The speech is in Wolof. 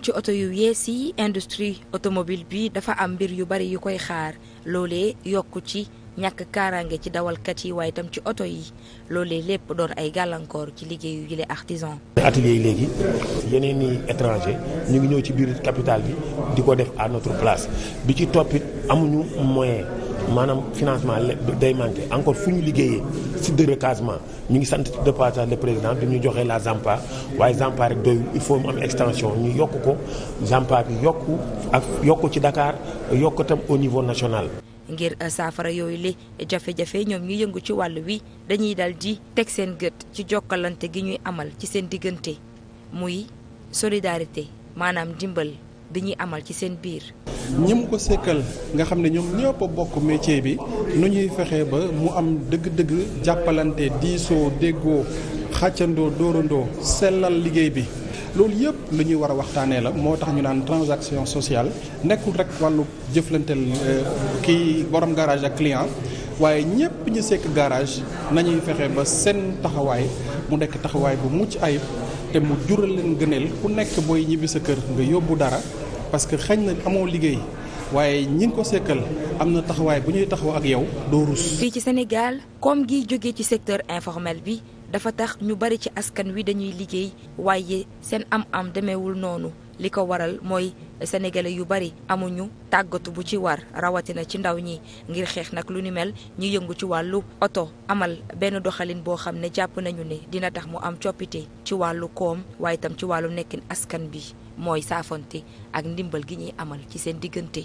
ci oto yu yees yi industrie automobile bi dafa am mbir yu bari yu koy xaar loole yokk ci ñàkk kaaraange ci dawalkat yi waaye itam ci oto yi loolee lépp doon ay gàllankoor ci liggéeyu yile artisan atelier yi léegi yeneen i étranger ñu ngi ñëw ci biir capitale bi di ko def à notre place bi ci toppit amuñu moyen maanaam financement day manqué encore fu ñu liggéeyee site de recasement ñu ngi sant de passage le président bi ñu joxee la Zampa waaye Zampa rek doyul il faut mu am extension ñu yokk ko Zampa bi yokk ak yokk ci Dakar yokk tam au niveau national. ngir euh, saafara yooyu li jafe-jafe ñoom ñu yëngu ci wàll wi dañuy dal di teg seen gët ci jokkalante gi ñuy amal ci seen diggante muy solidarité maanaam dimbal. bi ñuy amal ci seen biir. ñi ko sekkal nga xam ne ñoom ñëpp bokk métier bi nu ñuy fexe ba mu am dëgg-dëgg jàppalante diisoo déggoo xàccandoo dóorandoo sellal liggéey bi. loolu yëpp lu ñuy war a waxtaanee la moo tax ñu naan transaction sociale nekkul rek wàllu jëflanteel euh, kii borom garage ak client waaye ñëpp ñu sekk garage nañuy fexe ba seen taxawaay mu nekk taxawaay bu mucc ayib te mu jural leen gëneel ku nekk booy ñibbi sa kër nga yóbbu dara. parce que xañ na amoo liggéey waaye ñin ko sekkal am na taxawaay bu ñuy taxaw ak yow doo rus. fii ci Sénégal koom gi jógee ci secteur informel bi dafa tax ñu bari ci askan wi dañuy liggéey waaye seen am-am demewul noonu li ko waral mooy sénégalais yu bari amuñu tàggatu bu ci war rawatina ci ndaw ñi ngir xeex nag lu ni mel ñu yëngu ci wàllu oto amal benn doxalin boo xam ne jàpp nañu ne dina tax mu am coppite ci wàllu koom waaye itam ci wàllu nekkin askan bi. mooy saafonte ak ndimbal gi ñuy amal ci seen diggante